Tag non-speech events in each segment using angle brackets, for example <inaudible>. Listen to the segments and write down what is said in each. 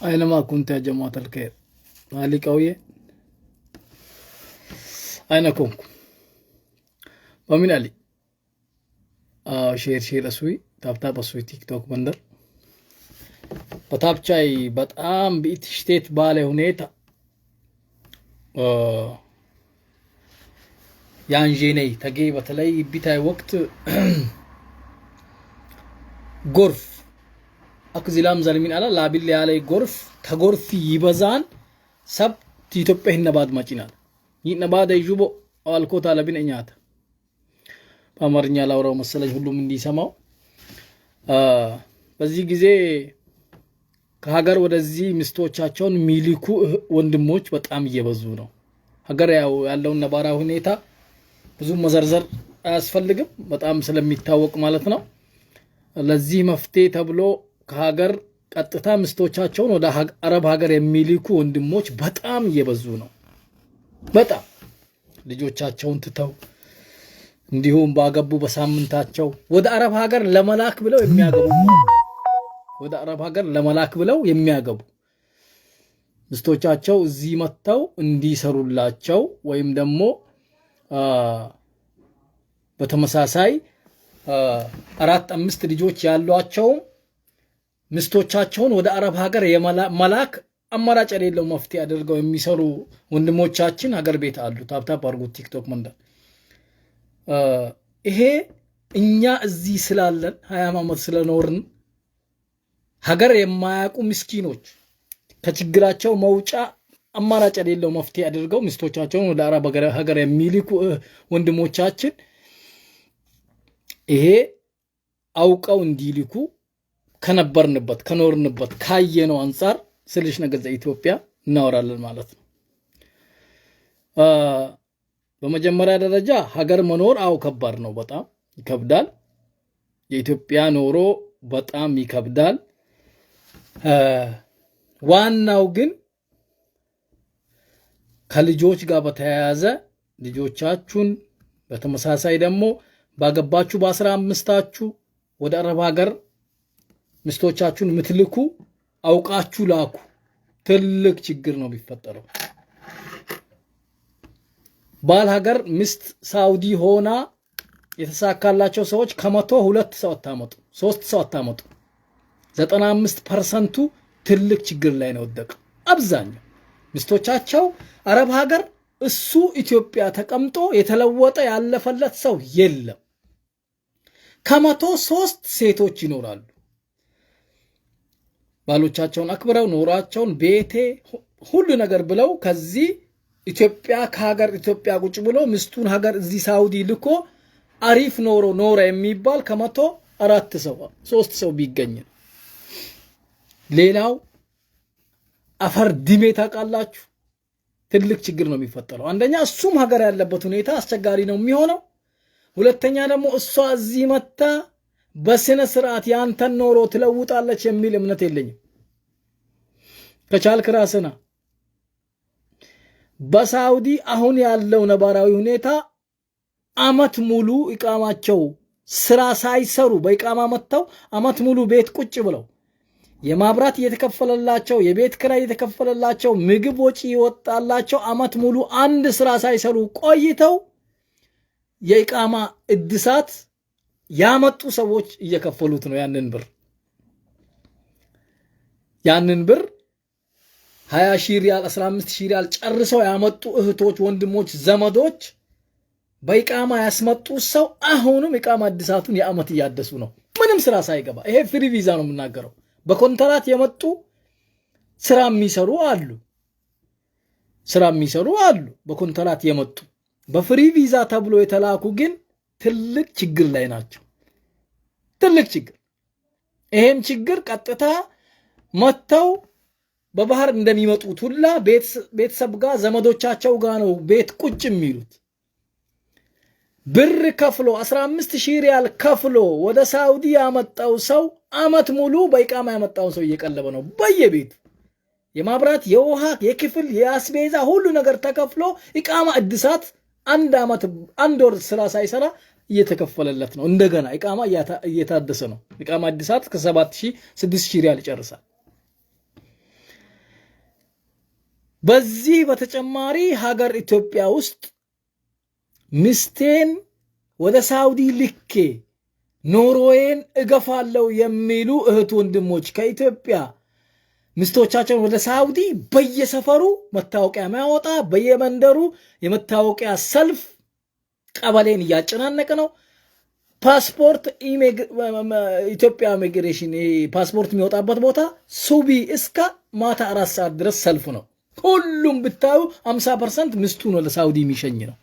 Aynama kunte ya jamaatal khair. Mali kauye. Aina konku. ሼር ሼር እሱይ ታብታብ እሱይ ቲክቶክ መንደር በታብቻይ በጣም ብኢትሽቴት ባለ ሁኔታ ያንዤነይ ተጌ በተለይ ቢታይ ወቅት <clears throat> ጎርፍ አክዚላም ዘልሚን አላ ላቢል ያለ ጎርፍ ተጎርፊ ይበዛን ሰብ ኢትዮጵያ ሂነባት ማጭናል ይነባደ ይጁቦ አልኮታ ለብን እኛት በአማርኛ ላውራው መሰለኝ ሁሉም እንዲሰማው። በዚህ ጊዜ ከሀገር ወደዚህ ሚስቶቻቸውን ሚሊኩ ወንድሞች በጣም እየበዙ ነው። ሀገር ያው ያለውን ነባራ ሁኔታ ብዙ መዘርዘር አያስፈልግም፣ በጣም ስለሚታወቅ ማለት ነው። ለዚህ መፍትሄ ተብሎ ከሀገር ቀጥታ ምስቶቻቸውን ወደ አረብ ሀገር የሚልኩ ወንድሞች በጣም እየበዙ ነው። በጣም ልጆቻቸውን ትተው እንዲሁም ባገቡ በሳምንታቸው ወደ አረብ ሀገር ለመላክ ብለው የሚያገቡ ወደ አረብ ሀገር ለመላክ ብለው የሚያገቡ ምስቶቻቸው እዚህ መጥተው እንዲሰሩላቸው ወይም ደግሞ በተመሳሳይ አራት አምስት ልጆች ያሏቸውም ሚስቶቻቸውን ወደ አረብ ሀገር የመላክ አማራጭ የሌለው መፍትሄ አድርገው የሚሰሩ ወንድሞቻችን ሀገር ቤት አሉ። ታብታብ አድርጉት። ቲክቶክ መንደር ይሄ እኛ እዚህ ስላለን ሀያ ዓመት ስለኖርን ሀገር የማያውቁ ምስኪኖች ከችግራቸው መውጫ አማራጭ የሌለው መፍትሄ አድርገው ሚስቶቻቸውን ወደ አረብ ሀገር የሚልኩ ወንድሞቻችን ይሄ አውቀው እንዲልኩ ከነበርንበት ከኖርንበት ካየነው አንጻር ስልሽ ነገር ኢትዮጵያ እናወራለን ማለት ነው። በመጀመሪያ ደረጃ ሀገር መኖር አው ከባድ ነው፣ በጣም ይከብዳል። የኢትዮጵያ ኖሮ በጣም ይከብዳል። ዋናው ግን ከልጆች ጋር በተያያዘ ልጆቻችሁን በተመሳሳይ ደግሞ ባገባችሁ በአስራ አምስታችሁ ወደ አረብ ሀገር ምስቶቻችሁን ምትልኩ አውቃችሁ ላኩ። ትልቅ ችግር ነው የሚፈጠረው። ባል ሀገር ሚስት ሳውዲ ሆና የተሳካላቸው ሰዎች ከመቶ ሁለት ሰው አታመጡ፣ ሶስት ሰው አታመጡ። ዘጠና አምስት ፐርሰንቱ ትልቅ ችግር ላይ ነው ወደቀ። አብዛኛው ሚስቶቻቸው አረብ ሀገር፣ እሱ ኢትዮጵያ ተቀምጦ የተለወጠ ያለፈለት ሰው የለም። ከመቶ ሶስት ሴቶች ይኖራሉ። ባሎቻቸውን አክብረው ኑሯቸውን ቤቴ ሁሉ ነገር ብለው ከዚህ ኢትዮጵያ ከሀገር ኢትዮጵያ ቁጭ ብሎ ምስቱን ሀገር እዚህ ሳውዲ ልኮ አሪፍ ኖሮ ኖረ የሚባል ከመቶ አራት ሰው ሶስት ሰው ቢገኝ ነው። ሌላው አፈር ድሜ ታውቃላችሁ፣ ትልቅ ችግር ነው የሚፈጠረው። አንደኛ እሱም ሀገር ያለበት ሁኔታ አስቸጋሪ ነው የሚሆነው። ሁለተኛ ደግሞ እሷ እዚህ መታ በስነ ስርዓት ያንተን ኖሮ ትለውጣለች የሚል እምነት የለኝም። ከቻልክ ራስና በሳውዲ አሁን ያለው ነባራዊ ሁኔታ አመት ሙሉ ኢቃማቸው ስራ ሳይሰሩ በኢቃማ መጥተው አመት ሙሉ ቤት ቁጭ ብለው የማብራት እየተከፈለላቸው የቤት ክራይ እየተከፈለላቸው ምግብ ወጪ ይወጣላቸው አመት ሙሉ አንድ ስራ ሳይሰሩ ቆይተው የኢቃማ እድሳት ያመጡ ሰዎች እየከፈሉት ነው ያንን ብር ያንን ብር 20 ሺህ ሪያል 15 ሺህ ሪያል ጨርሰው ያመጡ እህቶች፣ ወንድሞች፣ ዘመዶች በኢቃማ ያስመጡ ሰው አሁንም ኢቃማ አዲሳቱን የአመት እያደሱ ነው፣ ምንም ስራ ሳይገባ። ይሄ ፍሪ ቪዛ ነው የምናገረው። በኮንትራት የመጡ ስራ የሚሰሩ አሉ፣ ስራ የሚሰሩ አሉ፣ በኮንትራት የመጡ በፍሪ ቪዛ ተብሎ የተላኩ ግን ትልቅ ችግር ላይ ናቸው። ትልቅ ችግር። ይሄም ችግር ቀጥታ መጥተው በባህር እንደሚመጡት ሁላ ቤተሰብ ጋር ዘመዶቻቸው ጋር ነው ቤት ቁጭ የሚሉት። ብር ከፍሎ 15 ሺህ ሪያል ከፍሎ ወደ ሳውዲ ያመጣው ሰው አመት ሙሉ በኢቃማ ያመጣውን ሰው እየቀለበ ነው በየቤቱ የማብራት የውሃ የክፍል የአስቤዛ ሁሉ ነገር ተከፍሎ ኢቃማ እድሳት አንድ ዓመት አንድ ወር ስራ ሳይሰራ እየተከፈለለት ነው። እንደገና ኢቃማ እየታደሰ ነው። ኢቃማ አዲሳት ከሰባት ሺህ ስድስት ሺህ ሪያል ይጨርሳል። በዚህ በተጨማሪ ሀገር ኢትዮጵያ ውስጥ ሚስቴን ወደ ሳውዲ ልኬ ኖሮዌን እገፋለሁ የሚሉ እህት ወንድሞች ከኢትዮጵያ ሚስቶቻቸውን ወደ ሳውዲ በየሰፈሩ መታወቂያ የሚያወጣ በየመንደሩ የመታወቂያ ሰልፍ ቀበሌን እያጨናነቀ ነው። ፓስፖርት ኢትዮጵያ ኢሚግሬሽን ፓስፖርት የሚወጣበት ቦታ ሱቢ እስከ ማታ አራት ሰዓት ድረስ ሰልፍ ነው። ሁሉም ብታዩ አምሳ ፐርሰንት ምስቱን ወደ ሳውዲ የሚሸኝ ነው።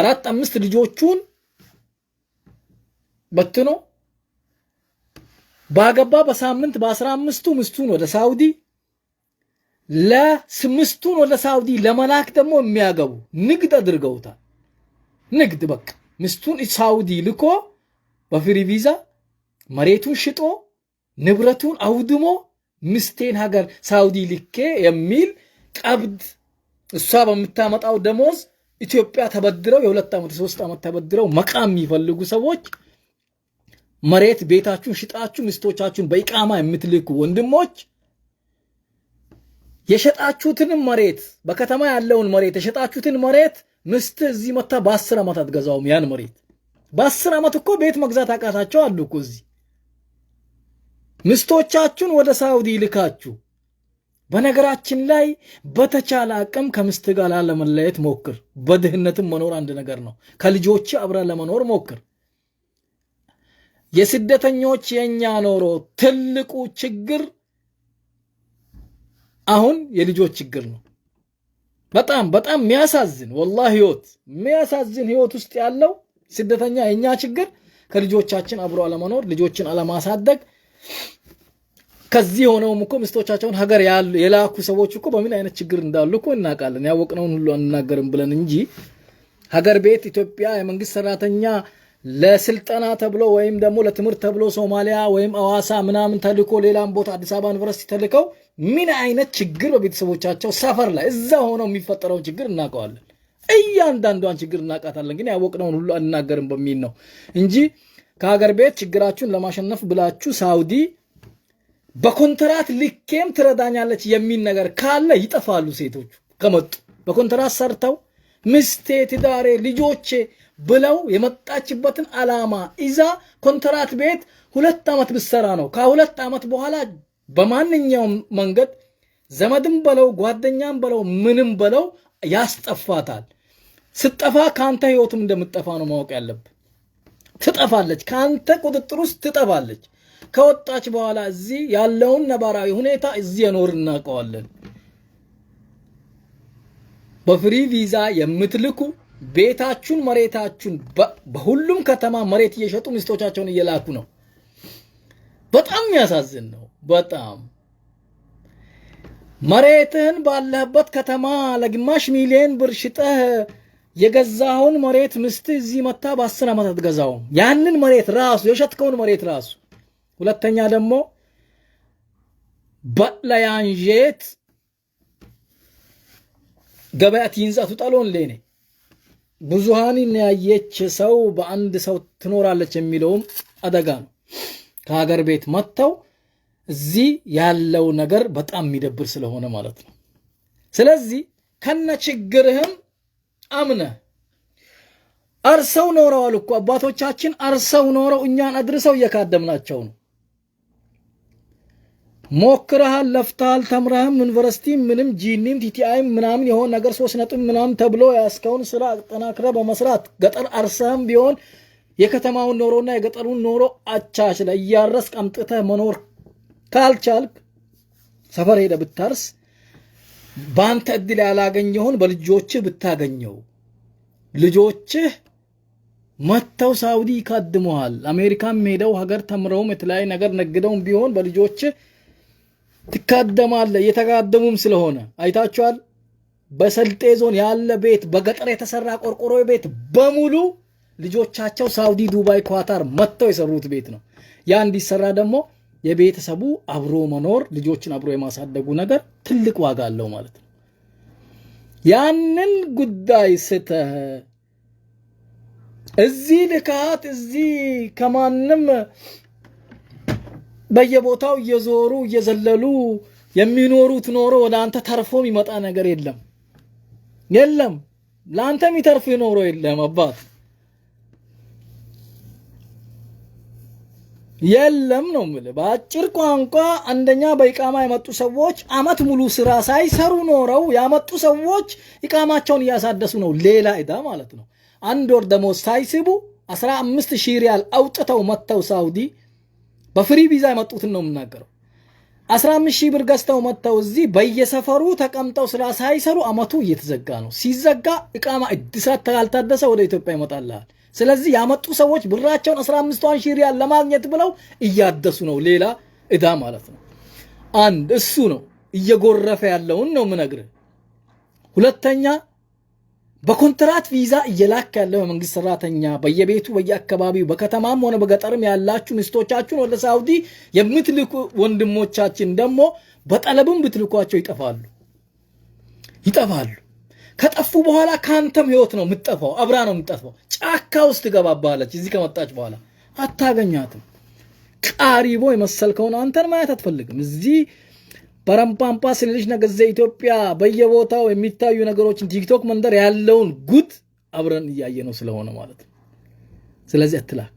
አራት አምስት ልጆቹን በትኖ ባገባ በሳምንት በአስራ አምስቱ ምስቱን ወደ ሳውዲ ለስምስቱን ወደ ሳውዲ ለመላክ ደግሞ የሚያገቡ ንግድ አድርገውታል። ንግድ በቃ ምስቱን ሳውዲ ልኮ በፍሪ ቪዛ መሬቱን ሽጦ ንብረቱን አውድሞ ምስቴን ሀገር ሳውዲ ልኬ የሚል ቀብድ እሷ በምታመጣው ደሞዝ ኢትዮጵያ ተበድረው የሁለት ዓመት የሶስት ዓመት ተበድረው መቃም የሚፈልጉ ሰዎች መሬት ቤታችሁን ሽጣችሁ ሚስቶቻችሁን በኢቃማ የምትልኩ ወንድሞች የሸጣችሁትን መሬት በከተማ ያለውን መሬት የሸጣችሁትን መሬት ምስት እዚህ መታ በአስር ዓመት አትገዛውም። ያን መሬት በአስር ዓመት እኮ ቤት መግዛት አቃታቸው አሉ እኮ እዚህ ምስቶቻችሁን ወደ ሳውዲ ይልካችሁ። በነገራችን ላይ በተቻለ አቅም ከምስት ጋር ላለመለየት ሞክር። በድህነትም መኖር አንድ ነገር ነው። ከልጆች አብረ ለመኖር ሞክር። የስደተኞች የእኛ ኖሮ ትልቁ ችግር አሁን የልጆች ችግር ነው። በጣም በጣም የሚያሳዝን ወላ ህይወት የሚያሳዝን ህይወት ውስጥ ያለው ስደተኛ የእኛ ችግር ከልጆቻችን አብሮ አለመኖር፣ ልጆችን አለማሳደግ። ከዚህ ሆነውም እኮ ሚስቶቻቸውን ሀገር የላኩ ሰዎች እኮ በምን አይነት ችግር እንዳሉ እኮ እናውቃለን። ያወቅነውን ሁሉ አንናገርም ብለን እንጂ ሀገር ቤት ኢትዮጵያ የመንግስት ሰራተኛ ለስልጠና ተብሎ ወይም ደግሞ ለትምህርት ተብሎ ሶማሊያ ወይም አዋሳ ምናምን ተልኮ ሌላም ቦታ አዲስ አበባ ዩኒቨርሲቲ ተልከው ምን አይነት ችግር በቤተሰቦቻቸው ሰፈር ላይ እዛ ሆነው የሚፈጠረውን ችግር እናውቀዋለን። እያንዳንዷን ችግር እናውቃታለን። ግን ያወቅነውን ሁሉ አንናገርም በሚል ነው እንጂ ከሀገር ቤት ችግራችሁን ለማሸነፍ ብላችሁ ሳውዲ በኮንትራት ልኬም ትረዳኛለች የሚል ነገር ካለ ይጠፋሉ። ሴቶቹ ከመጡ በኮንትራት ሰርተው ምስቴ፣ ትዳሬ፣ ልጆቼ ብለው የመጣችበትን ዓላማ ይዛ ኮንትራት ቤት ሁለት ዓመት ብሰራ ነው። ከሁለት ዓመት በኋላ በማንኛውም መንገድ ዘመድም በለው ጓደኛም በለው ምንም በለው ያስጠፋታል። ስጠፋ ከአንተ ህይወትም እንደምጠፋ ነው ማወቅ ያለብ ትጠፋለች፣ ከአንተ ቁጥጥር ውስጥ ትጠፋለች። ከወጣች በኋላ እዚህ ያለውን ነባራዊ ሁኔታ እዚህ የኖር እናውቀዋለን። በፍሪ ቪዛ የምትልኩ ቤታችሁን፣ መሬታችሁን በሁሉም ከተማ መሬት እየሸጡ ሚስቶቻቸውን እየላኩ ነው። በጣም የሚያሳዝን ነው። በጣም መሬትህን ባለህበት ከተማ ለግማሽ ሚሊዮን ብር ሽጠህ የገዛኸውን መሬት ምስት እዚህ መታ በአስር ዓመት አትገዛውም። ያንን መሬት ራሱ የሸጥከውን መሬት ራሱ። ሁለተኛ ደግሞ በለያንዤት ገበያ ቲንዛቱ ጠሎን ሌኔ ብዙሃንን ያየች ሰው በአንድ ሰው ትኖራለች የሚለውም አደጋ ነው። ከሀገር ቤት መጥተው እዚህ ያለው ነገር በጣም የሚደብር ስለሆነ ማለት ነው። ስለዚህ ከነ ችግርህም አምነ አርሰው ኖረዋል እኮ አባቶቻችን አርሰው ኖረው እኛን አድርሰው እየካደምናቸው ነው። ሞክረሃል፣ ለፍተሃል፣ ተምረህም ዩኒቨርሲቲ ምንም ጂኒም ቲቲአይም ምናምን የሆነ ነገር ሶስት ነጥብ ምናምን ተብሎ ያስከውን ስራ አጠናክረ በመስራት ገጠር አርሰህም ቢሆን የከተማውን ኖሮና የገጠሩን ኖሮ አቻችለ እያረስ ቀምጥተ መኖር ካልቻልክ ሰፈር ሄደ ብታርስ በአንተ እድል ያላገኘውን በልጆችህ ብታገኘው ልጆችህ መጥተው ሳውዲ ይካድመዋል። አሜሪካም ሄደው ሀገር ተምረውም የተለያዩ ነገር ነግደውም ቢሆን በልጆችህ ትካደማለህ። እየተጋደሙም ስለሆነ አይታችኋል። በሰልጤ ዞን ያለ ቤት በገጠር የተሰራ ቆርቆሮ ቤት በሙሉ ልጆቻቸው ሳውዲ፣ ዱባይ፣ ኳታር መጥተው የሰሩት ቤት ነው። ያ እንዲሰራ ደግሞ የቤተሰቡ አብሮ መኖር ልጆችን አብሮ የማሳደጉ ነገር ትልቅ ዋጋ አለው ማለት ነው። ያንን ጉዳይ ስተህ እዚህ ልካት እዚህ ከማንም በየቦታው እየዞሩ እየዘለሉ የሚኖሩት ኖሮ ወደ አንተ ተርፎ የሚመጣ ነገር የለም የለም። ለአንተ የሚተርፍ ኖሮ የለም አባት የለም ነው የምልህ። በአጭር ቋንቋ አንደኛ በኢቃማ የመጡ ሰዎች አመት ሙሉ ስራ ሳይሰሩ ኖረው ያመጡ ሰዎች ኢቃማቸውን እያሳደሱ ነው። ሌላ ዕዳ ማለት ነው። አንድ ወር ደሞዝ ሳይስቡ አምስት ሺህ ሪያል አውጥተው መጥተው ሳውዲ በፍሪ ቪዛ የመጡትን ነው የምናገረው። 15 ሺህ ብር ገዝተው መጥተው እዚህ በየሰፈሩ ተቀምጠው ስራ ሳይሰሩ አመቱ እየተዘጋ ነው። ሲዘጋ እቃማ እድሳት ካልታደሰ ወደ ኢትዮጵያ ይመጣልሃል። ስለዚህ ያመጡ ሰዎች ብራቸውን 15ቷን ሺህ ሪያል ለማግኘት ብለው እያደሱ ነው። ሌላ እዳ ማለት ነው። አንድ እሱ ነው እየጎረፈ ያለውን ነው ምነግር። ሁለተኛ በኮንትራት ቪዛ እየላክ ያለው የመንግስት ሰራተኛ በየቤቱ በየአካባቢው በከተማም ሆነ በገጠርም ያላችሁ ሚስቶቻችሁን ወደ ሳውዲ የምትልኩ ወንድሞቻችን ደግሞ በጠለብም ብትልኳቸው ይጠፋሉ ይጠፋሉ። ከጠፉ በኋላ ከአንተም ህይወት ነው የምትጠፋው፣ አብራ ነው የምትጠፋው። ጫካ ውስጥ ትገባባለች። እዚህ ከመጣች በኋላ አታገኛትም። ቃሪቦ የመሰልከውን አንተን ማየት አትፈልግም እዚህ በረምፓምፓ ስልልሽ ነገ ኢትዮጵያ በየቦታው የሚታዩ ነገሮችን ቲክቶክ መንደር ያለውን ጉድ አብረን እያየ ነው ስለሆነ ማለት ነው። ስለዚህ አትላክ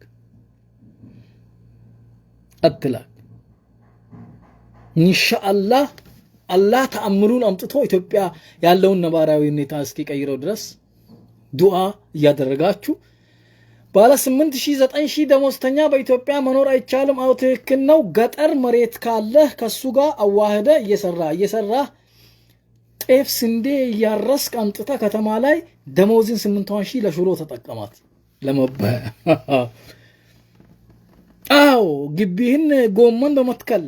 አትላክ። ኢንሻአላህ አላህ ተአምሩን አምጥቶ ኢትዮጵያ ያለውን ነባራዊ ሁኔታ እስኪቀይረው ድረስ ዱዓ እያደረጋችሁ ባለ 8900 ደሞዝተኛ በኢትዮጵያ መኖር አይቻልም። አዎ ትክክል ነው። ገጠር መሬት ካለህ ከሱ ጋር አዋህደ እየሰራ እየሰራ ጤፍ፣ ስንዴ እያረስክ አምጥታ ከተማ ላይ ደሞዝን 8 ሺ ለሽሮ ተጠቀማት ለመባያ። <laughs> አዎ ግቢህን ጎመን በመትከል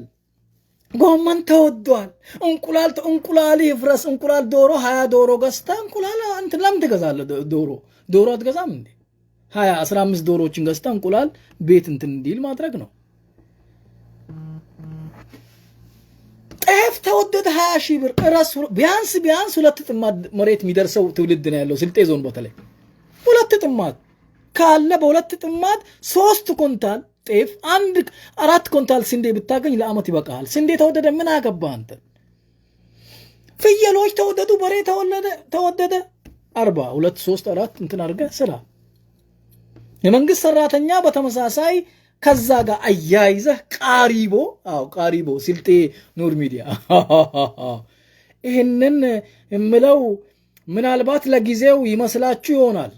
ጎመን ተወዷል። እንቁላል እንቁላል ይፍረስ። እንቁላል ዶሮ ሀያ ዶሮ ገዝታ እንቁላል እንትን ለምን ትገዛለህ? ዶሮ ዶሮ አትገዛም እንዴ? ሀያ አስራ አምስት ዶሮዎችን ገዝታ እንቁላል ቤት እንትን እንዲል ማድረግ ነው። ጤፍ ተወደደ ሀያ ሺህ ብር እራሱ ቢያንስ ቢያንስ ሁለት ጥማት መሬት የሚደርሰው ትውልድ ነው ያለው ስልጤ ዞን በተለይ ሁለት ጥማት ካለ በሁለት ጥማት ሶስት ኮንታል ጤፍ አንድ አራት ኮንታል ስንዴ ብታገኝ ለአመት ይበቃል። ስንዴ ተወደደ ምን አገባ አንተ። ፍየሎች ተወደዱ፣ በሬ ተወደደ። አርባ ሁለት ሶስት አራት እንትን አድርገህ ስራ የመንግስት ሰራተኛ በተመሳሳይ ከዛ ጋር አያይዘህ ቃሪቦ ቃሪቦ ስልጤ ኑር ሚዲያ <laughs> ይህንን የምለው ምናልባት ለጊዜው ይመስላችሁ ይሆናል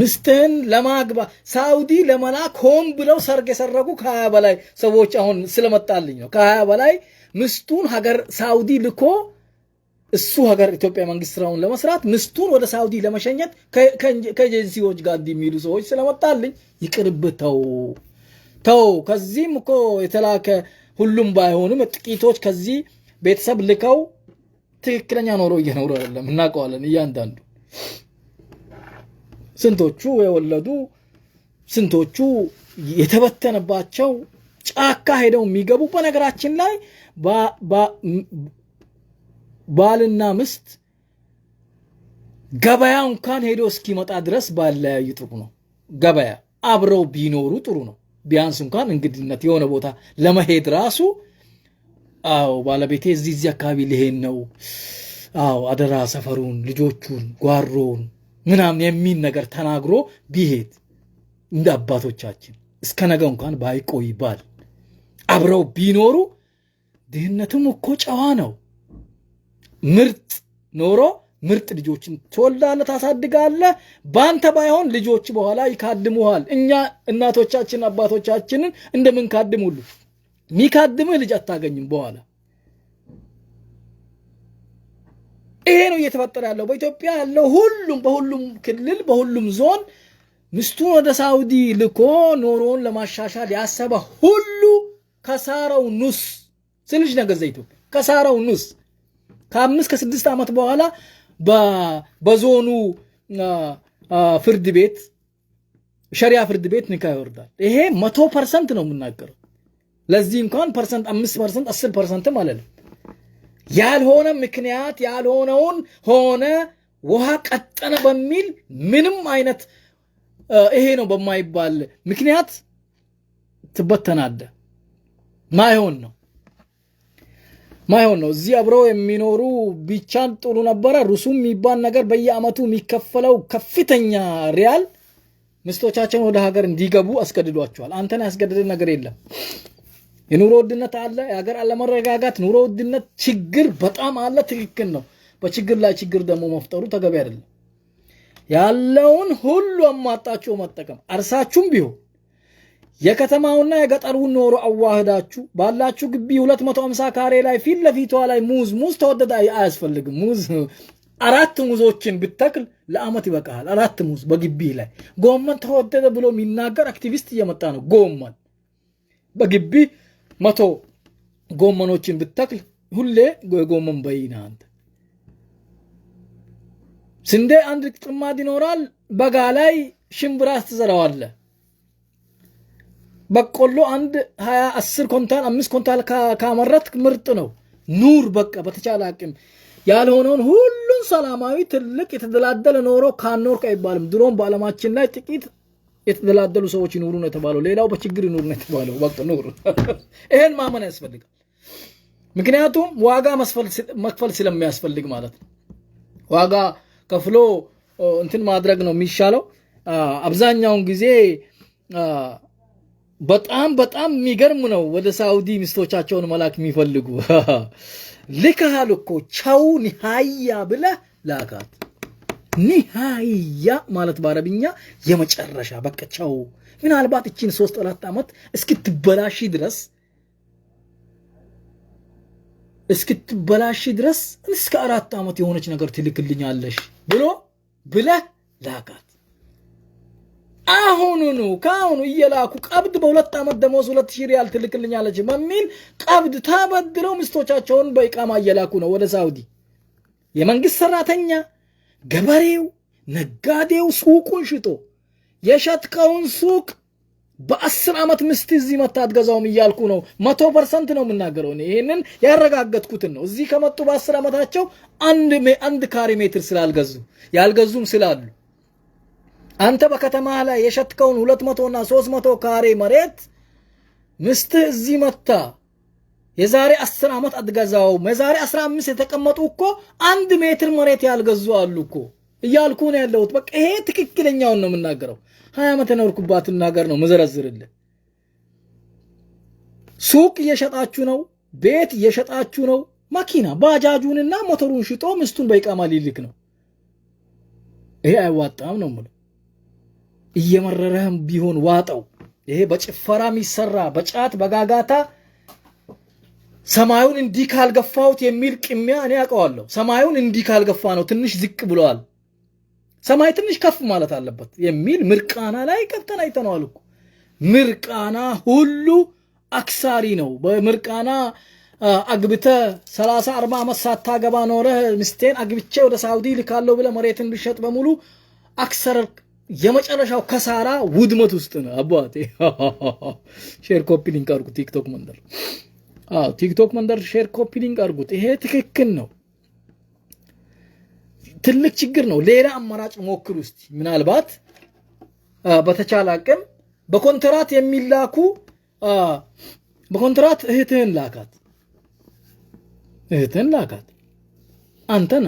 ምስትህን ለማግባ ሳውዲ ለመላክ ሆን ብለው ሰርግ የሰረጉ ከሀያ በላይ ሰዎች አሁን ስለመጣልኝ ነው ከሀያ በላይ ምስቱን ሀገር ሳውዲ ልኮ እሱ ሀገር ኢትዮጵያ መንግስት ስራውን ለመስራት ምስቱን ወደ ሳውዲ ለመሸኘት ከኤጀንሲዎች ጋር እንዲሚሉ ሰዎች ስለመጣልኝ ይቅርብ። ተው ተው። ከዚህም እኮ የተላከ ሁሉም ባይሆንም ጥቂቶች ከዚህ ቤተሰብ ልከው ትክክለኛ ኖሮ እየኖሩ አይደለም፣ እናውቀዋለን። እያንዳንዱ ስንቶቹ የወለዱ ስንቶቹ የተበተነባቸው ጫካ ሄደው የሚገቡ በነገራችን ላይ ባልና ምስት ገበያ እንኳን ሄዶ እስኪመጣ ድረስ ባለያዩ ጥሩ ነው። ገበያ አብረው ቢኖሩ ጥሩ ነው። ቢያንስ እንኳን እንግድነት የሆነ ቦታ ለመሄድ ራሱ አዎ፣ ባለቤቴ እዚህ እዚህ አካባቢ ልሄድ ነው፣ አዎ፣ አደራ ሰፈሩን፣ ልጆቹን፣ ጓሮውን ምናምን የሚል ነገር ተናግሮ ቢሄድ እንደ አባቶቻችን እስከ ነገ እንኳን ባይቆይ ባል አብረው ቢኖሩ ድህነትም እኮ ጨዋ ነው። ምርጥ ኖሮ ምርጥ ልጆችን ትወልዳለህ፣ ታሳድጋለህ። በአንተ ባይሆን ልጆች በኋላ ይካድሙሃል። እኛ እናቶቻችን አባቶቻችንን እንደምን ካድሙሉ ሚካድምህ ልጅ አታገኝም በኋላ። ይሄ ነው እየተፈጠረ ያለው በኢትዮጵያ ያለው ሁሉም በሁሉም ክልል በሁሉም ዞን ሚስቱን ወደ ሳውዲ ልኮ ኖሮውን ለማሻሻል ያሰበ ሁሉ ከሳረው ኑስ ስልሽ ነገር ዘይቱ ከሳረው ኑስ ከአምስት ከስድስት ዓመት በኋላ በዞኑ ፍርድ ቤት ሸሪያ ፍርድ ቤት ኒካ ይወርዳል። ይሄ መቶ ፐርሰንት ነው የምናገረው። ለዚህ እንኳን ፐርሰንት አምስት ፐርሰንት አስር ፐርሰንትም አለለም። ያልሆነ ምክንያት ያልሆነውን ሆነ ውሃ ቀጠነ በሚል ምንም አይነት ይሄ ነው በማይባል ምክንያት ትበተናለ ማይሆን ነው። ማይሆን ነው። እዚህ አብረው የሚኖሩ ቢቻል ጥሩ ነበረ። ሩሱ የሚባል ነገር በየአመቱ የሚከፈለው ከፍተኛ ሪያል ሚስቶቻቸውን ወደ ሀገር እንዲገቡ አስገድዷቸዋል። አንተን ያስገድድ ነገር የለም። የኑሮ ውድነት አለ፣ የሀገር አለመረጋጋት፣ ኑሮ ውድነት ችግር በጣም አለ። ትክክል ነው። በችግር ላይ ችግር ደግሞ መፍጠሩ ተገቢ አይደለም። ያለውን ሁሉ አሟጣቸው መጠቀም አርሳችሁም ቢሆን የከተማውና የገጠሩን ኖሮ አዋህዳችሁ ባላችሁ ግቢ 250 ካሬ ላይ ፊት ለፊቷ ላይ ሙዝ ሙዝ ተወደደ አያስፈልግም። ሙዝ አራት ሙዞችን ብተክል ለአመት ይበቃል። አራት ሙዝ በግቢ ላይ። ጎመን ተወደደ ብሎ የሚናገር አክቲቪስት እየመጣ ነው። ጎመን በግቢ መቶ ጎመኖችን ብተክል ሁሌ ጎመን በይና አንተ ስንዴ አንድ ጥማድ ይኖራል። በጋ ላይ ሽምብራስ ትዘራዋለህ። በቆሎ አንድ ሀያ አስር ኮንታል አምስት ኮንታል ካመረት ምርጥ ነው። ኑር በቃ በተቻለ አቅም ያልሆነውን ሁሉን ሰላማዊ ትልቅ የተደላደለ ኖሮ ካኖርክ አይባልም። ድሮም በዓለማችን ላይ ጥቂት የተደላደሉ ሰዎች ይኑሩ ነው የተባለው። ሌላው በችግር ይኑሩ ነው የተባለው። በቃ ኑር። <laughs> ይህን ማመን ያስፈልጋል። ምክንያቱም ዋጋ መክፈል ስለሚያስፈልግ ማለት ነው። ዋጋ ከፍሎ እንትን ማድረግ ነው የሚሻለው አብዛኛውን ጊዜ በጣም በጣም የሚገርም ነው። ወደ ሳውዲ ሚስቶቻቸውን መላክ የሚፈልጉ <laughs> ልክሃል እኮ ቻው ኒሃያ ብለ ላካት። ኒሃያ ማለት በአረብኛ የመጨረሻ በቃ ቻው። ምናልባት እችን ሶስት አራት ዓመት እስክትበላሺ ድረስ እስክትበላሺ ድረስ እስከ አራት ዓመት የሆነች ነገር ትልክልኛለሽ ብሎ ብለ ላካት። አሁኑኑ ከአሁኑ እየላኩ ቀብድ በሁለት ዓመት ደሞዝ ሁለት ሺህ ሪያል ትልክልኛለች በሚል ቀብድ ተበድረው ሚስቶቻቸውን በኢቃማ እየላኩ ነው ወደ ሳውዲ። የመንግስት ሰራተኛ፣ ገበሬው፣ ነጋዴው ሱቁን ሽጦ የሸጥከውን ሱቅ በአስር ዓመት ምስት እዚህ መታ አትገዛውም እያልኩ ነው። መቶ ፐርሰንት ነው የምናገረው። ይህንን ያረጋገጥኩትን ነው። እዚህ ከመጡ በአስር ዓመታቸው አንድ ካሬ ሜትር ስላልገዙ ያልገዙም ስላሉ አንተ በከተማ ላይ የሸጥከውን ሁለት መቶና ሶስት መቶ ካሬ መሬት ምስትህ እዚህ መታ የዛሬ አስር ዓመት አትገዛውም። የዛሬ አስራ አምስት የተቀመጡ እኮ አንድ ሜትር መሬት ያልገዙ አሉ እኮ እያልኩ ነው ያለሁት። በቃ ይሄ ትክክለኛውን ነው የምናገረው። ሀያ ዓመት የኖርኩባትን ሀገር ነው ምዘረዝርልን። ሱቅ እየሸጣችሁ ነው፣ ቤት እየሸጣችሁ ነው። መኪና ባጃጁንና ሞተሩን ሽጦ ምስቱን በይቃማ ሊልክ ነው። ይሄ አይዋጣም ነው የምለው። እየመረረህም ቢሆን ዋጠው። ይሄ በጭፈራ የሚሰራ በጫት በጋጋታ ሰማዩን እንዲህ ካልገፋሁት የሚል ቅሚያ እኔ ያውቀዋለሁ። ሰማዩን እንዲህ ካልገፋ ነው ትንሽ ዝቅ ብለዋል፣ ሰማይ ትንሽ ከፍ ማለት አለበት የሚል ምርቃና ላይ ገብተን አይተነዋል እኮ። ምርቃና ሁሉ አክሳሪ ነው። በምርቃና አግብተ 30 40 ዓመት ሳታገባ ኖረ። ምስቴን አግብቼ ወደ ሳውዲ ልካለሁ ብለ መሬትን ብሸጥ በሙሉ አክሰር የመጨረሻው ከሳራ ውድመት ውስጥ ነው። አባቴ <laughs> ሼር ኮፒ ሊንክ አርጉ። ቲክቶክ መንደር፣ አዎ ቲክቶክ መንደር ሼር ኮፒ ሊንክ አርጉት። ይሄ ትክክል ነው። ትልቅ ችግር ነው። ሌላ አማራጭ ሞክር ውስጥ ምናልባት በተቻለ አቅም በኮንትራት የሚላኩ በኮንትራት እህትህን ላካት፣ እህትህን ላካት አንተና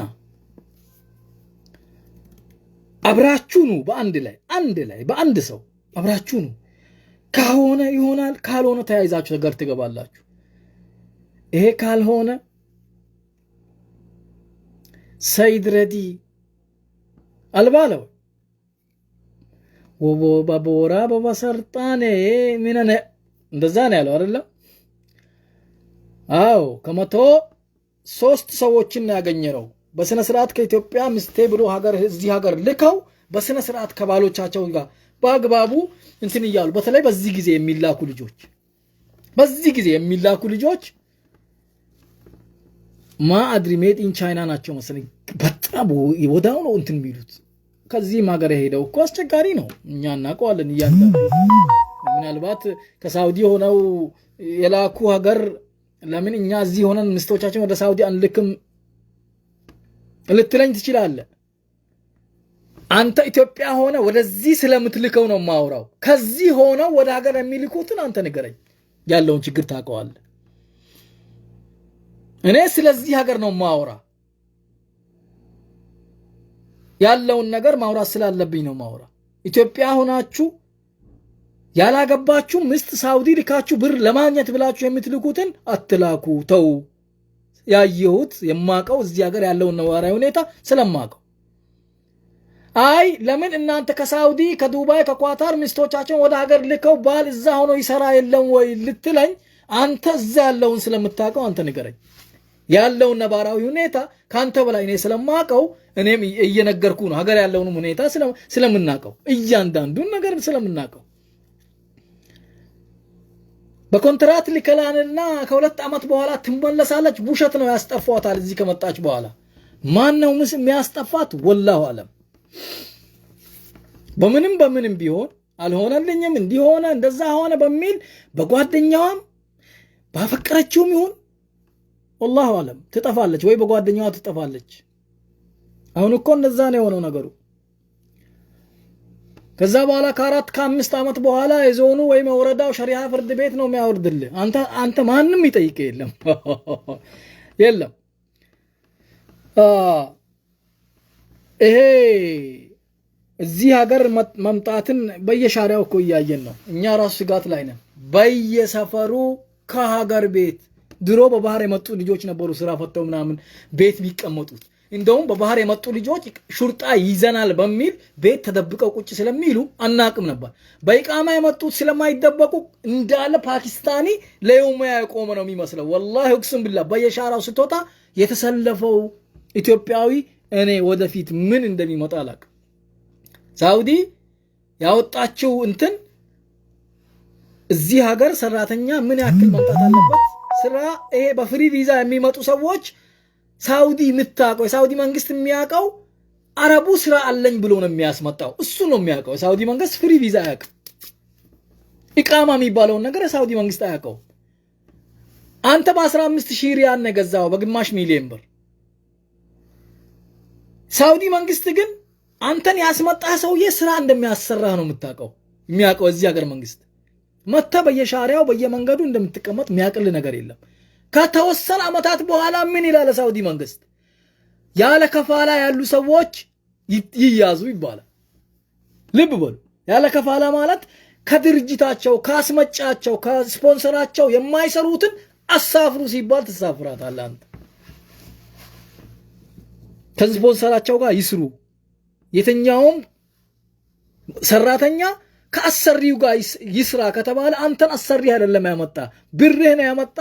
አብራችሁ ኑ። በአንድ ላይ አንድ ላይ በአንድ ሰው አብራችሁ ኑ። ከሆነ ይሆናል፣ ካልሆነ ተያይዛችሁ ነገር ትገባላችሁ። ይሄ ካልሆነ ሰይድ ረዲ አልባለው በቦራ በበሰርጣኔ ምነነ እንደዛ ነው ያለው አይደለም? አዎ ከመቶ ሶስት ሰዎችን ያገኘ ነው። በስነ ስርዓት ከኢትዮጵያ ምስቴ ብሎ ሀገር እዚህ ሀገር ልከው በስነ ስርዓት ከባሎቻቸው ጋር በአግባቡ እንትን እያሉ በተለይ በዚህ ጊዜ የሚላኩ ልጆች በዚህ ጊዜ የሚላኩ ልጆች ማ አድሪ ሜድ ኢን ቻይና ናቸው መሰለኝ። በጣም ወዳው ነው እንትን የሚሉት ከዚህም ሀገር ሄደው እኮ አስቸጋሪ ነው። እኛ እናውቀዋለን። እያለ ምናልባት ከሳውዲ ሆነው የላኩ ሀገር ለምን እኛ እዚህ ሆነን ምስቶቻችን ወደ ሳውዲ አንልክም ልትለኝ ትችላለህ። አንተ ኢትዮጵያ ሆነ ወደዚህ ስለምትልከው ነው ማውራው። ከዚህ ሆነው ወደ ሀገር የሚልኩትን አንተ ንገረኝ። ያለውን ችግር ታውቀዋለ። እኔ ስለዚህ ሀገር ነው ማውራ ያለውን ነገር ማውራት ስላለብኝ ነው ማውራ። ኢትዮጵያ ሆናችሁ ያላገባችሁ ምስት ሳውዲ ልካችሁ ብር ለማግኘት ብላችሁ የምትልኩትን አትላኩ። ተው። ያየሁት የማቀው እዚህ ሀገር ያለውን ነባራዊ ሁኔታ ስለማቀው አይ ለምን እናንተ ከሳውዲ ከዱባይ ከኳታር ሚስቶቻቸውን ወደ ሀገር ልከው ባል እዛ ሆኖ ይሰራ የለም ወይ ልትለኝ፣ አንተ እዛ ያለውን ስለምታውቀው አንተ ንገረኝ። ያለውን ነባራዊ ሁኔታ ከአንተ በላይ እኔ ስለማቀው እኔም እየነገርኩ ነው። ሀገር ያለውንም ሁኔታ ስለምናቀው እያንዳንዱን ነገር ስለምናቀው በኮንትራት ሊከላንና ከሁለት ዓመት በኋላ ትመለሳለች። ውሸት ነው፣ ያስጠፏታል። እዚህ ከመጣች በኋላ ማን ነው ምስ የሚያስጠፋት? ወላሁ አለም። በምንም በምንም ቢሆን አልሆነልኝም፣ እንዲሆነ እንደዛ ሆነ በሚል በጓደኛዋም ባፈቀረችውም ይሁን ወላሁ አለም ትጠፋለች፣ ወይ በጓደኛዋ ትጠፋለች። አሁን እኮ እንደዛ ነው የሆነው ነገሩ። ከዛ በኋላ ከአራት ከአምስት ዓመት በኋላ የዞኑ ወይም የወረዳው ሸሪሃ ፍርድ ቤት ነው የሚያወርድል አንተ ማንም ይጠይቅ የለም <laughs> የለም። ይሄ እዚህ ሀገር መምጣትን በየሻሪያው እኮ እያየን ነው። እኛ ራሱ ስጋት ላይ ነን። በየሰፈሩ ከሀገር ቤት ድሮ በባህር የመጡ ልጆች ነበሩ ስራ ፈተው ምናምን ቤት የሚቀመጡት እንደውም በባህር የመጡ ልጆች ሹርጣ ይዘናል በሚል ቤት ተደብቀው ቁጭ ስለሚሉ አናቅም ነበር። በኢቃማ የመጡት ስለማይደበቁ እንዳለ ፓኪስታኒ ለየሙያ የቆመ ነው የሚመስለው። ወላሂ እቅስም ብላ በየሻራው ስትወጣ የተሰለፈው ኢትዮጵያዊ እኔ ወደፊት ምን እንደሚመጣ አላቅ። ሳውዲ ያወጣችው እንትን እዚህ ሀገር ሰራተኛ ምን ያክል መምጣት አለበት ስራ ይሄ በፍሪ ቪዛ የሚመጡ ሰዎች ሳውዲ የምታውቀው የሳውዲ መንግስት የሚያውቀው አረቡ ስራ አለኝ ብሎ ነው የሚያስመጣው። እሱ ነው የሚያውቀው። የሳውዲ መንግስት ፍሪ ቪዛ አያውቅም። ኢቃማ የሚባለውን ነገር የሳውዲ መንግስት አያውቀው። አንተ በ15 ሺህ ሪያል ነው የገዛው በግማሽ ሚሊዮን ብር። ሳውዲ መንግስት ግን አንተን ያስመጣህ ሰውዬ ስራ እንደሚያሰራህ ነው የምታውቀው የሚያውቀው። እዚህ ሀገር መንግስት መጥተህ በየሻሪያው በየመንገዱ እንደምትቀመጥ የሚያቅል ነገር የለም። ከተወሰነ ዓመታት በኋላ ምን ይላል ሳውዲ መንግስት? ያለ ከፋላ ያሉ ሰዎች ይያዙ ይባላል። ልብ በሉ። ያለ ከፋላ ማለት ከድርጅታቸው ከአስመጫቸው፣ ከስፖንሰራቸው የማይሰሩትን አሳፍሩ ሲባል ትሳፍራታለህ አንተ። ከስፖንሰራቸው ጋር ይስሩ። የትኛውም ሰራተኛ ከአሰሪው ጋር ይስራ ከተባለ አንተን አሰሪ አይደለም ያመጣ፣ ብርህ ነው ያመጣ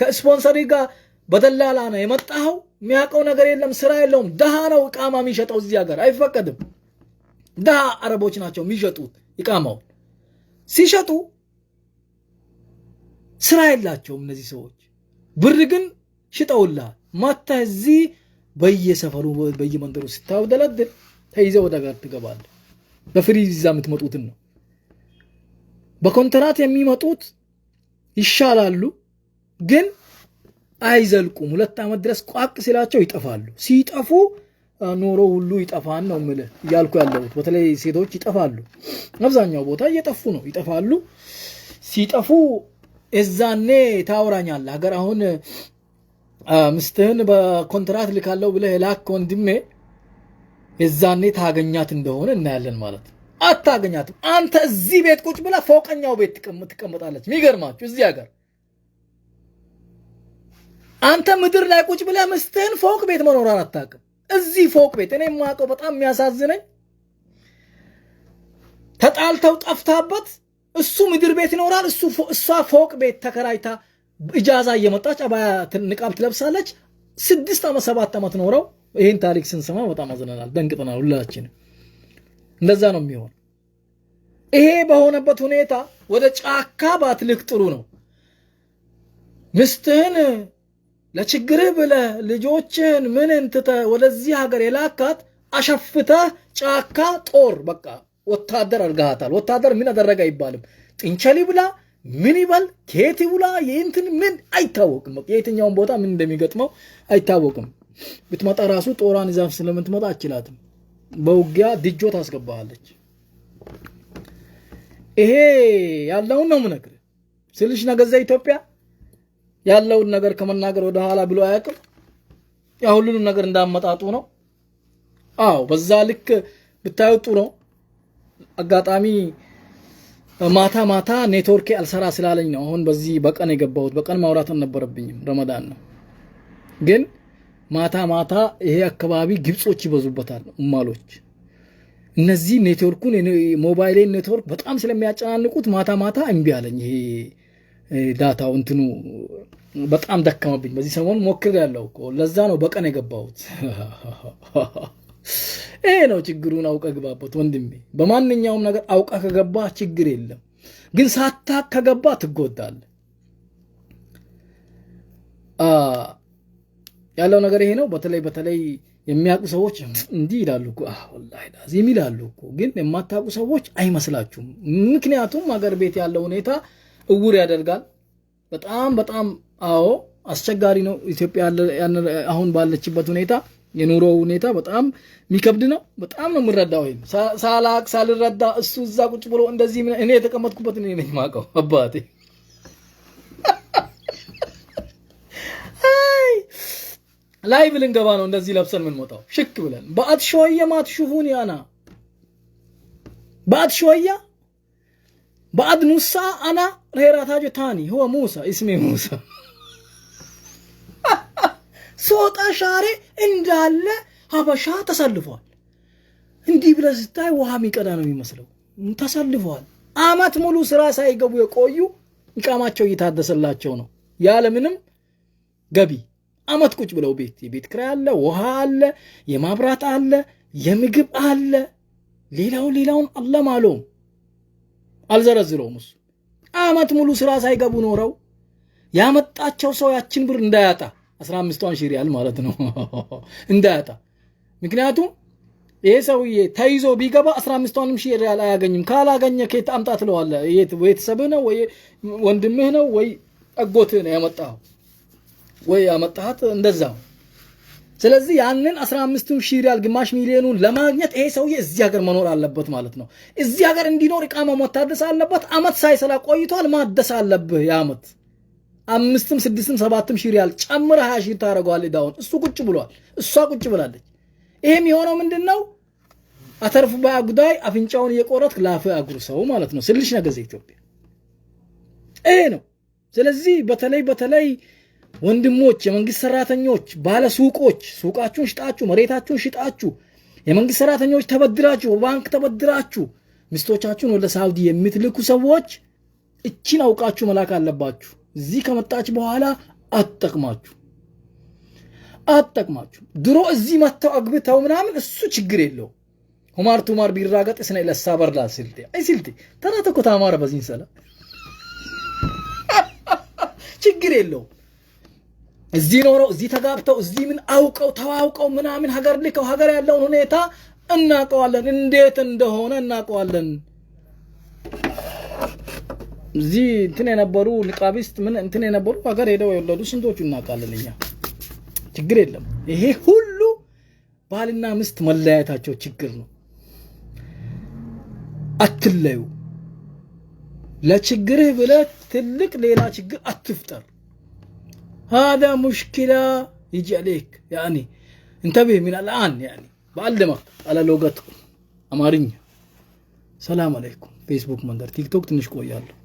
ከስፖንሰሪ ጋር በደላላ ነው የመጣኸው። የሚያውቀው ነገር የለም፣ ስራ የለውም፣ ድሃ ነው። እቃማ የሚሸጠው እዚህ ሀገር አይፈቀድም። ድሃ አረቦች ናቸው የሚሸጡት እቃማውን። ሲሸጡ ስራ የላቸውም እነዚህ ሰዎች። ብር ግን ሽጠውላ ማታ እዚህ በየሰፈሩ በየመንደሩ ስታውደለድል ተይዘ ወደ ጋር ትገባለ። በፍሪ ቪዛ የምትመጡትን ነው። በኮንትራት የሚመጡት ይሻላሉ። ግን አይዘልቁም። ሁለት ዓመት ድረስ ቋቅ ሲላቸው ይጠፋሉ። ሲጠፉ ኖሮ ሁሉ ይጠፋን ነው ምል እያልኩ ያለሁት። በተለይ ሴቶች ይጠፋሉ፣ አብዛኛው ቦታ እየጠፉ ነው፣ ይጠፋሉ። ሲጠፉ እዛኔ ታወራኛለህ። ሀገር አሁን ምስትህን በኮንትራት ልካለው ብለህ የላክ ወንድሜ እዛኔ ታገኛት እንደሆነ እናያለን ማለት ነው። አታገኛትም። አንተ እዚህ ቤት ቁጭ ብላ ፎቀኛው ቤት ትቀምጣለች። የሚገርማችሁ እዚህ ሀገር አንተ ምድር ላይ ቁጭ ብለህ ምስትህን ፎቅ ቤት መኖሯን አታውቅም። እዚህ ፎቅ ቤት እኔ የማውቀው በጣም የሚያሳዝነኝ ተጣልተው ጠፍታበት እሱ ምድር ቤት ይኖራል፣ እሷ ፎቅ ቤት ተከራይታ እጃዛ እየመጣች አባያ ንቃብ ትለብሳለች። ስድስት ዓመት ሰባት ዓመት ኖረው ይህን ታሪክ ስንሰማ በጣም አዝነናል፣ ደንግጠናል። ሁላችን እንደዛ ነው የሚሆን። ይሄ በሆነበት ሁኔታ ወደ ጫካ ባትልክ ጥሩ ነው። ምስትህን ለችግርህ ብለህ ልጆችህን ምንን ትተህ ወደዚህ ሀገር የላካት አሸፍተህ ጫካ ጦር በቃ ወታደር አድርገሃታል። ወታደር ምን አደረገ አይባልም። ጥንቸል ብላ ምን ይበል ከየት ይውላ የእንትን ምን አይታወቅም። የየትኛውን ቦታ ምን እንደሚገጥመው አይታወቅም። ብትመጣ ራሱ ጦሯን ይዛም ስለምትመጣ አችላትም። በውጊያ ድጆ ታስገባሃለች። ይሄ ያለውን ነው ምነግር ስልሽ ነገዛ ኢትዮጵያ ያለውን ነገር ከመናገር ወደ ኋላ ብሎ አያውቅም። ያ ሁሉንም ነገር እንዳመጣጡ ነው። አዎ በዛ ልክ ብታዩጡ ነው። አጋጣሚ ማታ ማታ ኔትወርኬ አልሰራ ስላለኝ ነው አሁን በዚህ በቀን የገባሁት። በቀን ማውራት አልነበረብኝም፣ ረመዳን ነው። ግን ማታ ማታ ይሄ አካባቢ ግብጾች ይበዙበታል፣ እማሎች። እነዚህ ኔትወርኩን ሞባይሌን ኔትወርክ በጣም ስለሚያጨናንቁት ማታ ማታ እምቢ አለኝ ይሄ ዳታው እንትኑ በጣም ደከመብኝ። በዚህ ሰሞን ሞክር ያለው እኮ ለዛ ነው በቀን የገባሁት። <laughs> ይሄ ነው ችግሩን አውቀ ግባበት ወንድሜ። በማንኛውም ነገር አውቀ ከገባ ችግር የለም፣ ግን ሳታ ከገባ ትጎዳል። ያለው ነገር ይሄ ነው። በተለይ በተለይ የሚያውቁ ሰዎች እንዲህ ይላሉ ወላሂ ይላሉ ግን የማታውቁ ሰዎች አይመስላችሁም። ምክንያቱም አገር ቤት ያለው ሁኔታ እውር ያደርጋል። በጣም በጣም አዎ አስቸጋሪ ነው። ኢትዮጵያ አሁን ባለችበት ሁኔታ የኑሮ ሁኔታ በጣም የሚከብድ ነው። በጣም ነው የምረዳ ወይም ሳላቅ ሳልረዳ እሱ እዛ ቁጭ ብሎ እንደዚህ እኔ የተቀመጥኩበት እኔ ነኝ ማውቀው አባቴ ብልን ገባ ነው እንደዚህ ለብሰን የምንወጣው ሽክ ብለን በአት ሸወየ ማት ሹሁን ያና በአት ሸወያ በአት ኑሳ አና ሬራ ታጆ ታኒ ሁወ ሙሳ እስሜ ሙሳ ሶጣ ሻሬ እንዳለ ሀበሻ ተሰልፏል። እንዲህ ብለህ ስታይ ውሃ የሚቀዳ ነው የሚመስለው። ተሰልፈዋል። አመት ሙሉ ስራ ሳይገቡ የቆዩ ኢቃማቸው እየታደሰላቸው ነው ያለምንም ገቢ አመት ቁጭ ብለው ቤት የቤት ኪራይ አለ፣ ውሃ አለ፣ የማብራት አለ፣ የምግብ አለ። ሌላውን ሌላውን አለማለውም አልዘረዝረውም እሱ አመት ሙሉ ስራ ሳይገቡ ኖረው ያመጣቸው ሰው ያችን ብር እንዳያጣ 15ቷን ሺህ ሪያል ማለት ነው <laughs> እንዳያጣ። ምክንያቱም ይሄ ሰውዬ ተይዞ ቢገባ 15ቷንም ሺህ ሪያል አያገኝም። ካላገኘ ከየት አምጣ ትለዋለህ። ቤተሰብህ ነው ወይ ወንድምህ ነው ወይ አጎትህ ነው ያመጣኸው ወይ ያመጣሃት እንደዛው ስለዚህ ያንን 15 ቱን ሺህ ሪያል ግማሽ ሚሊዮኑን ለማግኘት ይሄ ሰውዬ እዚህ ሀገር መኖር አለበት ማለት ነው። እዚህ ሀገር እንዲኖር እቃማ መታደስ አለበት። አመት ሳይሰላ ቆይቷል። ማደስ አለብህ። የአመት አምስትም ስድስትም ሰባትም ሺህ ሪያል ጨምረ ሀያ ሺህ ታደረገዋል። ዳሁን እሱ ቁጭ ብሏል፣ እሷ ቁጭ ብላለች። ይሄም የሆነው ምንድን ነው? አተርፍ ባያ ጉዳይ አፍንጫውን እየቆረጥክ ላፍ አጉር ሰው ማለት ነው። ስልሽ ነገዘ ኢትዮጵያ ይሄ ነው። ስለዚህ በተለይ በተለይ ወንድሞች፣ የመንግስት ሰራተኞች፣ ባለ ሱቆች ሱቃችሁን ሽጣችሁ መሬታችሁን ሽጣችሁ የመንግስት ሰራተኞች ተበድራችሁ በባንክ ተበድራችሁ ሚስቶቻችሁን ወደ ሳውዲ የምትልኩ ሰዎች እቺን አውቃችሁ መላክ አለባችሁ። እዚህ ከመጣች በኋላ አትጠቅማችሁ አትጠቅማችሁ። ድሮ እዚህ መጥተው አግብተው ምናምን እሱ ችግር የለው ሁማር ቱማር ቢራገጥ ስነ ለሳ በርዳ ስልቴ አይ ስልቴ ተራ ታማረ በዚህን ሰላ <laughs> ችግር የለው እዚህ ኖረው እዚህ ተጋብተው እዚህ ምን አውቀው ተዋውቀው ምናምን ሀገር ልከው ሀገር ያለውን ሁኔታ እናውቀዋለን፣ እንዴት እንደሆነ እናውቀዋለን። እዚህ እንትን የነበሩ ልቃቢስት ምን እንትን የነበሩ ሀገር ሄደው የወለዱ ስንቶቹ እናውቃለን እኛ። ችግር የለም። ይሄ ሁሉ ባልና ሚስት መለያየታቸው ችግር ነው። አትለዩ። ለችግርህ ብለህ ትልቅ ሌላ ችግር አትፍጠር። هذا مشكلة يجي عليك يعني انتبه من الآن يعني بعلمك على لغتكم أمارينيا سلام عليكم فيسبوك مندر تيك توك تنشكو يالله